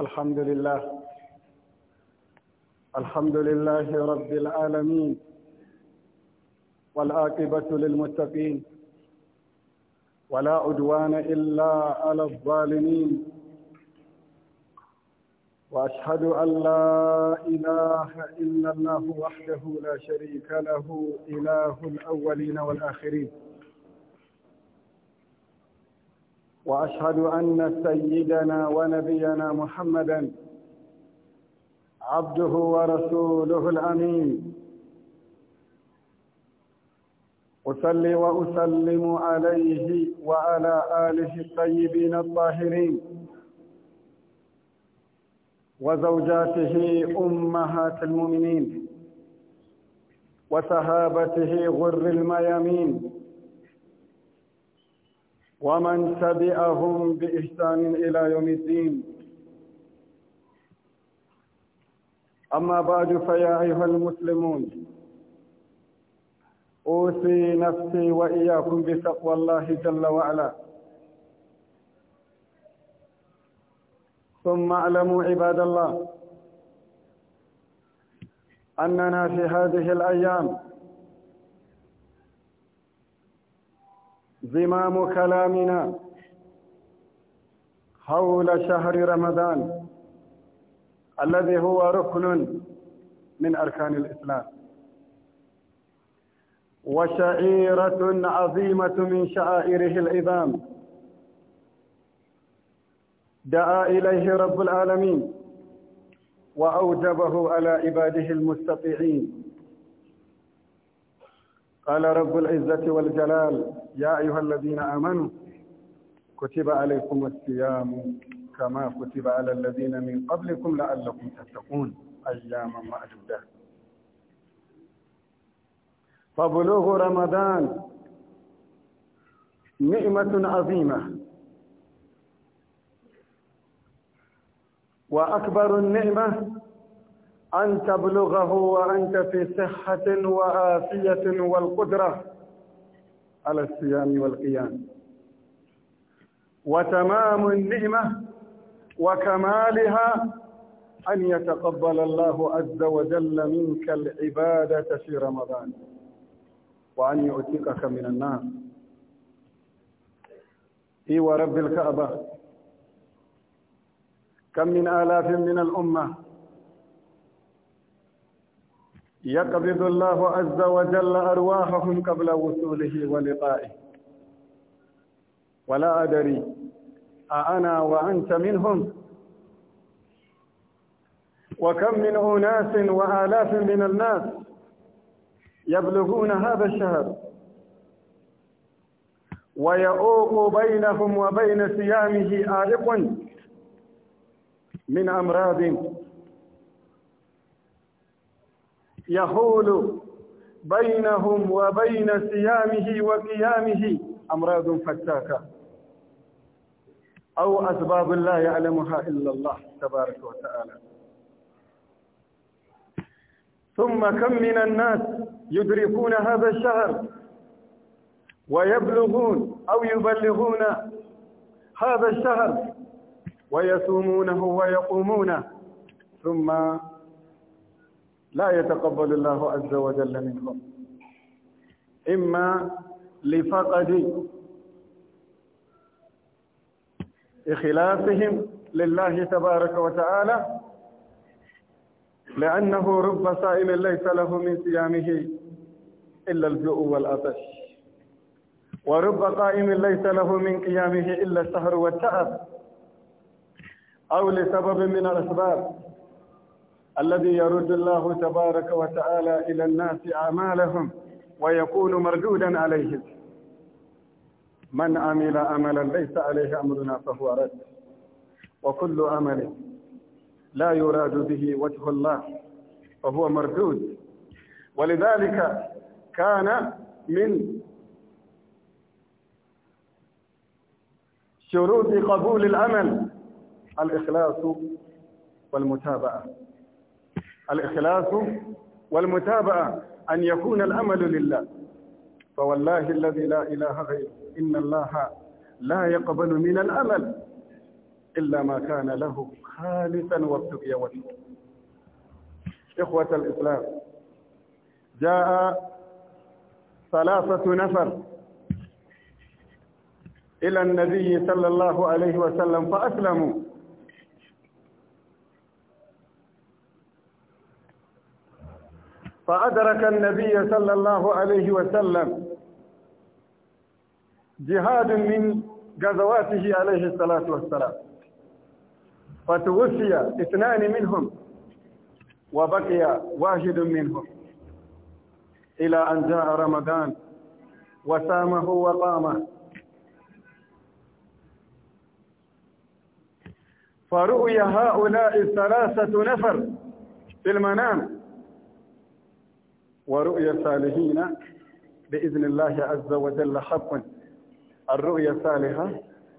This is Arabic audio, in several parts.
الحمد لله الحمد لله رب العالمين والآقبة للمتقين ولا عدوان إلا على الظالمين وأشهد أن لا إله إلا الله وحده لا شريك له إله الأولين والآخرين وأشهد أن سيدنا ونبينا محمدا عبده ورسوله الأمين أصلي وأسلم عليه وعلى آله الطيبين الطاهرين وزوجاته أمهات المؤمنين وصحابته غر الميامين ومن تبعهم بإحسان إلى يوم الدين أما بعد فيا أيها المسلمون أوصي نفسي وإياكم بتقوى الله جل وعلا ثم اعلموا عباد الله أننا في هذه الأيام زمام كلامنا حول شهر رمضان الذي هو ركن من أركان الإسلام وشعيرة عظيمة من شعائره العظام دعا إليه رب العالمين وأوجبه على عباده المستطيعين قال رب العزة والجلال يا أيها الذين آمنوا كتب عليكم الصيام كما كتب على الذين من قبلكم لعلكم تتقون أياما معدودة فبلوغ رمضان نعمة عظيمة وأكبر النعمة أن تبلغه وأنت في صحة وعافية والقدرة على الصيام والقيام وتمام النعمة وكمالها أن يتقبل الله عز وجل منك العبادة في رمضان وأن يؤتقك من النار إي ورب الكعبة كم من آلاف من الأمة يقبض الله عز وجل أرواحهم قبل وصوله ولقائه ولا أدري أأنا وأنت منهم وكم من أناس وآلاف من الناس يبلغون هذا الشهر ويؤوق بينهم وبين صيامه آلق من أمراض يحول بينهم وبين صيامه وقيامه أمراض فتاكة أو أسباب لا يعلمها إلا الله تبارك وتعالى ثم كم من الناس يدركون هذا الشهر ويبلغون أو يبلغون هذا الشهر ويصومونه ويقومونه ثم لا يتقبل الله عز وجل منهم إما لفقد إخلافهم لله تبارك وتعالى لأنه رب صائم ليس له من صيامه إلا الجوع والعطش ورب قائم ليس له من قيامه إلا السهر والتعب أو لسبب من الأسباب الذي يرد الله تبارك وتعالى إلى الناس أعمالهم ويكون مردودا عليهم من عمل عملا ليس عليه أمرنا فهو رد وكل عمل لا يراد به وجه الله فهو مردود ولذلك كان من شروط قبول العمل الإخلاص والمتابعة الإخلاص والمتابعة أن يكون الأمل لله فوالله الذي لا إله غيره إن الله لا يقبل من الأمل إلا ما كان له خالصا وابتغي وجهه إخوة الإسلام جاء ثلاثة نفر إلى النبي صلى الله عليه وسلم فأسلموا فأدرك النبي صلى الله عليه وسلم جهاد من غزواته عليه الصلاة والسلام فتوفي اثنان منهم وبقي واحد منهم إلى أن جاء رمضان وسامه وقامه فرؤي هؤلاء الثلاثة نفر في المنام ورؤيا الصالحين بإذن الله عز وجل حق الرؤيا الصالحة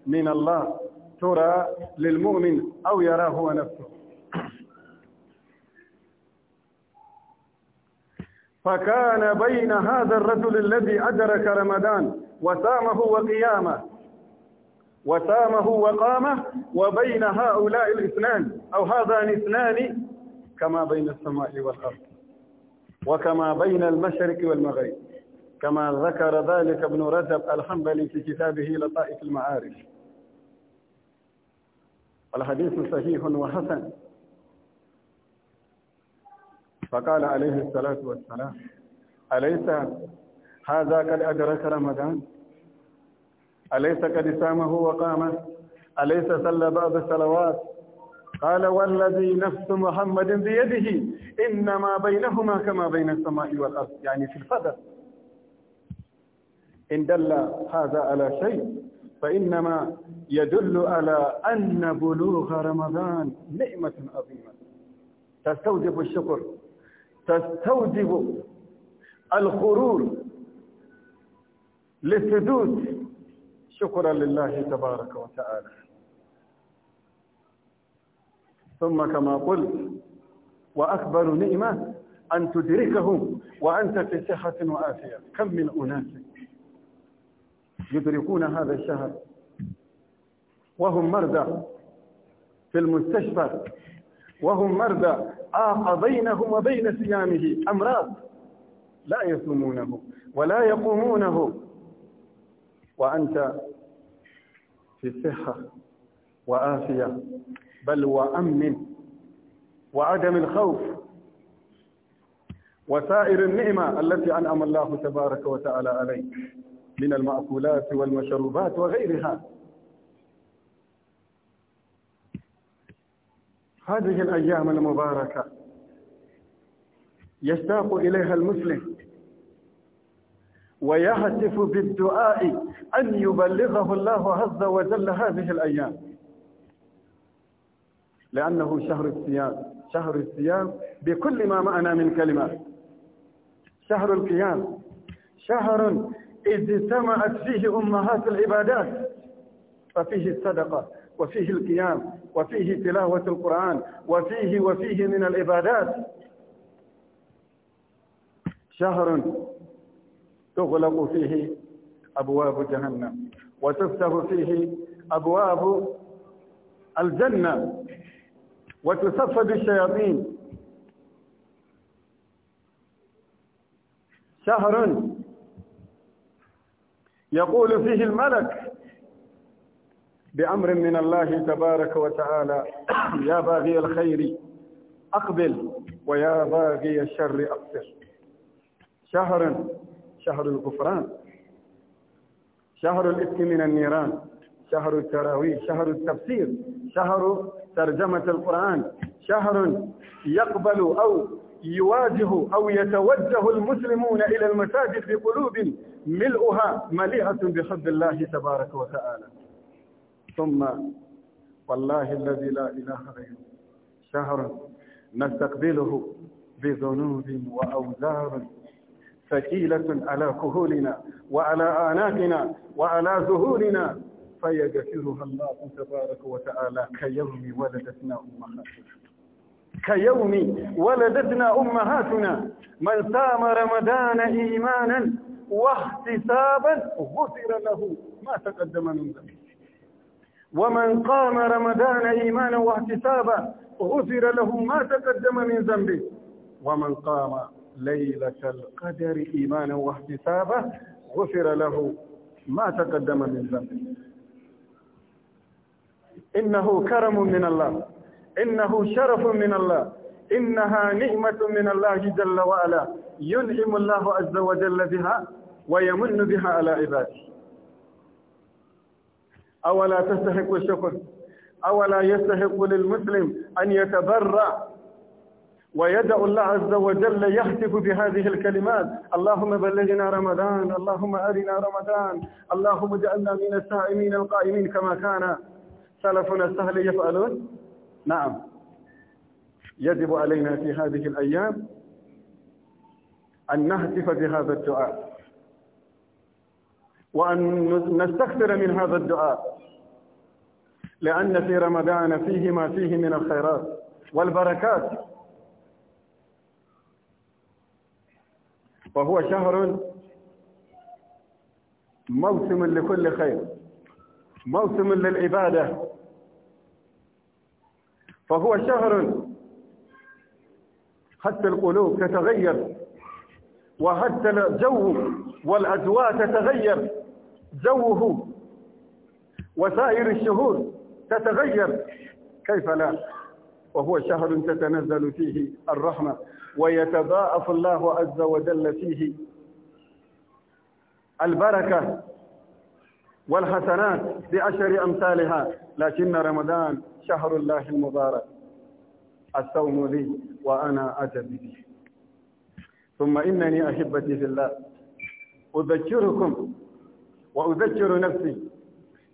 من الله ترى للمؤمن أو يراه هو نفسه فكان بين هذا الرجل الذي أدرك رمضان وسامه وقيامه وسامه وقامه وبين هؤلاء الاثنان أو هذان اثنان كما بين السماء والأرض وكما بين المشرق والمغرب كما ذكر ذلك ابن رجب الحنبلي في كتابه لطائف المعارف الحديث صحيح وحسن فقال عليه الصلاة والسلام أليس هذا قد أدرك رمضان أليس قد سامه وقامه أليس صلى بعض الصلوات قال والذي نفس محمد بيده إنما بينهما كما بين السماء والأرض يعني في الفدر إن دل هذا على شيء فإنما يدل على أن بلوغ رمضان نعمة عظيمة تستوجب الشكر تستوجب الخرور للسدود شكرا لله تبارك وتعالى ثم كما قلت وأكبر نعمة أن تدركهم وأنت في صحة وآفية كم من أناس يدركون هذا الشهر وهم مرضى في المستشفى وهم مرضى آق آه، بينهم وبين صيامه أمراض لا يصومونه ولا يقومونه وأنت في صحة وآفية بل وأمن وعدم الخوف وسائر النعمة التي أنعم الله تبارك وتعالى عليك من المأكولات والمشروبات وغيرها هذه الأيام المباركة يشتاق إليها المسلم ويهتف بالدعاء أن يبلغه الله عز وجل هذه الأيام لأنه شهر الصيام شهر الصيام بكل ما معنى من كلمة شهر القيام شهر اجتمعت فيه أمهات العبادات ففيه الصدقة وفيه القيام وفيه تلاوة القرآن وفيه وفيه من العبادات شهر تغلق فيه أبواب جهنم وتفتح فيه أبواب الجنة وتصفى الشياطين شهر يقول فيه الملك بأمر من الله تبارك وتعالى يا باغي الخير أقبل ويا باغي الشر أقصر شهر شهر الغفران شهر الإثم من النيران شهر التراويح شهر التفسير شهر ترجمة القرآن شهر يقبل أو يواجه أو يتوجه المسلمون إلى المساجد بقلوب ملؤها مليئة بحب الله تبارك وتعالى ثم والله الذي لا إله غيره شهر نستقبله بذنوب وأوزار ثقيلة على كهولنا وعلى آناتنا وعلى ذهولنا فيغفرها الله تبارك وتعالى كيوم ولدتنا أمهاتنا كيوم ولدتنا أمهاتنا من سام رمضان إيمانا واحتسابا غفر له ما تقدم من ذنبه ومن قام رمضان إيمانا واحتسابا غفر له ما تقدم من ذنبه ومن قام ليلة القدر إيمانا واحتسابا غفر له ما تقدم من ذنبه إنه كرم من الله إنه شرف من الله إنها نعمة من الله جل وعلا ينعم الله عز وجل بها ويمن بها على عباده أولا تستحق الشكر أولا يستحق للمسلم أن يتبرع ويدع الله عز وجل يهتف بهذه الكلمات اللهم بلغنا رمضان اللهم أرنا رمضان اللهم اجعلنا من السائمين القائمين كما كان سلفنا السهل يفعلون نعم يجب علينا في هذه الأيام أن نهتف بهذا الدعاء وأن نستكثر من هذا الدعاء لأن في رمضان فيه ما فيه من الخيرات والبركات وهو شهر موسم لكل خير موسم للعبادة فهو شهر حتى القلوب تتغير وحتى الجو والأجواء تتغير جوه وسائر الشهور تتغير كيف لا وهو شهر تتنزل فيه الرحمة ويتضاءف الله عز وجل فيه البركة والحسنات بأشر أمثالها لكن رمضان شهر الله المبارك الصوم لي وأنا أجب به ثم إنني أحبتي في الله أذكركم وأذكر نفسي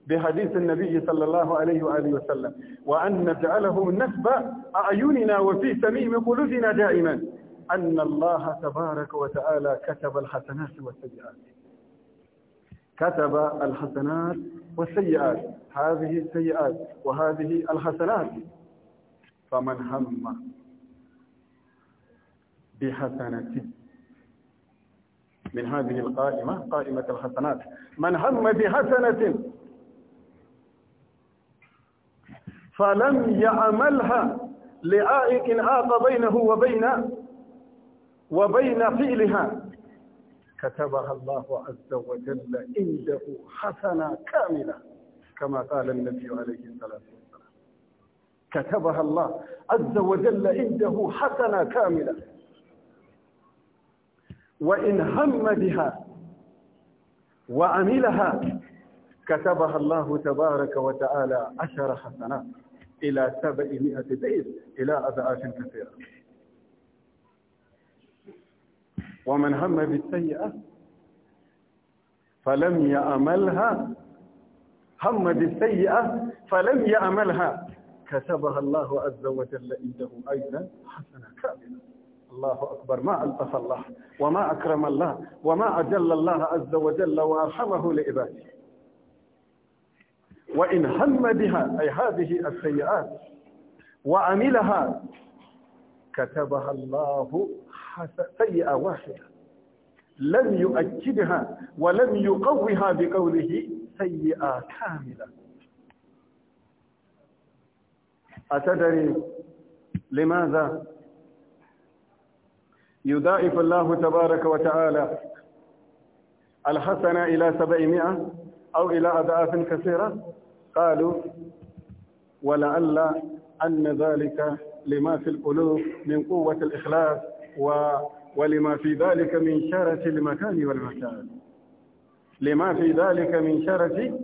بحديث النبي صلى الله عليه وآله وسلم وأن نجعله نسب أعيننا وفي سميم قلوبنا دائما أن الله تبارك وتعالى كتب الحسنات والسيئات كتب الحسنات والسيئات هذه السيئات وهذه الحسنات فمن هم بحسنة من هذه القائمة قائمة الحسنات من هم بحسنة فلم يعملها لعائق عاق بينه وبين وبين فعلها كتبها الله عز وجل عنده حسنة كاملة كما قال النبي عليه الصلاة والسلام كتبها الله عز وجل عنده حسنة كاملة وإن هم بها وعملها كتبها الله تبارك وتعالى عشر حسنات إلى سبعمائة بيت إلى أضعاف كثيرة ومن هم بالسيئة فلم يأملها هم بالسيئة فلم يأملها كتبها الله عز وجل عنده أيضا حسنة كاملة الله أكبر ما ألطف الله وما أكرم الله وما أجل الله عز وجل وأرحمه لعباده وإن هم بها أي هذه السيئات وعملها كتبها الله سيئة واحدة لم يؤكدها ولم يقوها بقوله سيئة كاملة أتدري لماذا يضاعف الله تبارك وتعالى الحسنة إلى سبعمائة أو إلى أضعاف كثيرة قالوا ولعل أن ذلك لما في القلوب من قوة الإخلاص و ولما في ذلك من شرة المكان والمكان لما في ذلك من شرة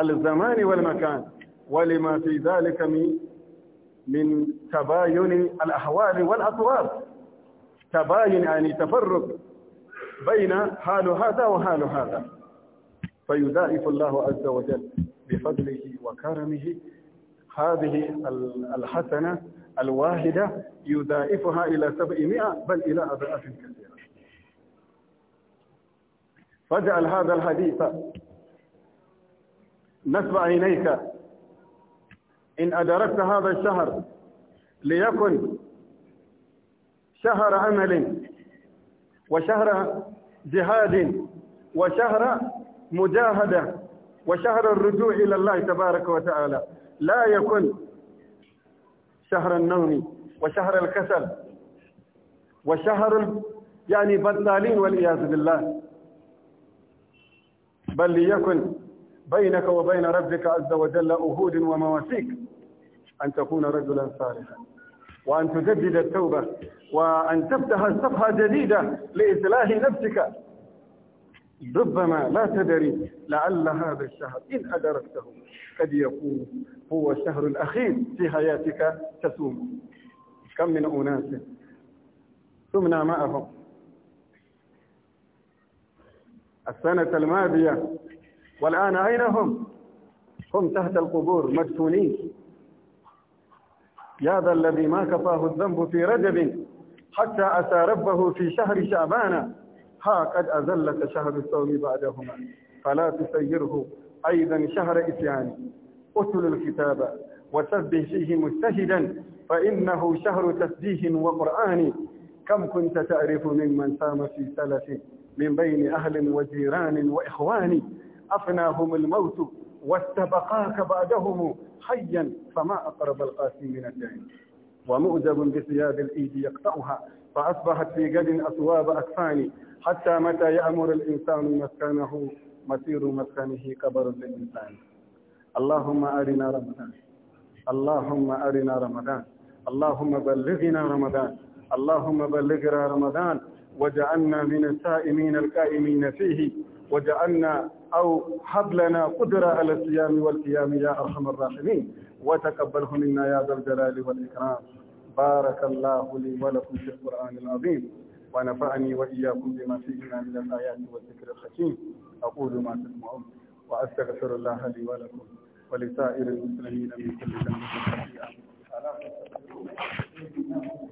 الزمان والمكان ولما في ذلك من من تباين الأحوال والأطوار تباين يعني تفرق بين حال هذا وحال هذا فيدائف الله عز وجل بفضله وكرمه هذه الحسنة الواحدة يضاعفها إلى سبعمائة بل إلى أضعاف كثيرة فاجعل هذا الحديث نسب عينيك إن أدركت هذا الشهر ليكن شهر عمل وشهر جهاد وشهر مجاهدة وشهر الرجوع إلى الله تبارك وتعالى لا يكن شهر النوم وشهر الكسل وشهر يعني بطالين والعياذ بالله بل ليكن بينك وبين ربك عز وجل أهود ومواسيك أن تكون رجلا صالحا وأن تجدد التوبة وأن تفتح صفحة جديدة لإصلاح نفسك ربما لا تدري لعل هذا الشهر إن أدركته قد يكون هو الشهر الأخير في حياتك تسوم كم من أناس ثمنا معهم السنة الماضية والآن أين هم؟ هم تحت القبور مدفونين يا ذا الذي ما كفاه الذنب في رجب حتى أتى ربه في شهر شعبان ها قد أذلت شهر الصوم بعدهما فلا تسيره أيضا شهر إتيان أتل الكتاب وسبه فيه مجتهدا فإنه شهر تسبيه وقرآن كم كنت تعرف ممن سام في سلف من بين أهل وجيران وإخوان أفناهم الموت واستبقاك بعدهم حيا فما أقرب القاسي من الدين ومؤدب بثياب الإيد يقطعها فأصبحت في قد أثواب أكفاني حتى متى يأمر الإنسان مسكنه مسير مسكنه قبر للإنسان اللهم أرنا رمضان اللهم أرنا رمضان اللهم بلغنا رمضان اللهم بلغنا رمضان وجعلنا من السائمين القائمين فيه وجعلنا أو هب لنا قدرة على الصيام والقيام يا أرحم الراحمين وتقبله منا يا ذا الجلال والإكرام بارك الله لي ولكم في القرآن العظيم ونفعني وإياكم بما فيهما من الآيات والذكر الحكيم أقول ما تسمعون وأستغفر الله لي ولكم ولسائر المسلمين من كل ذنب خطيئة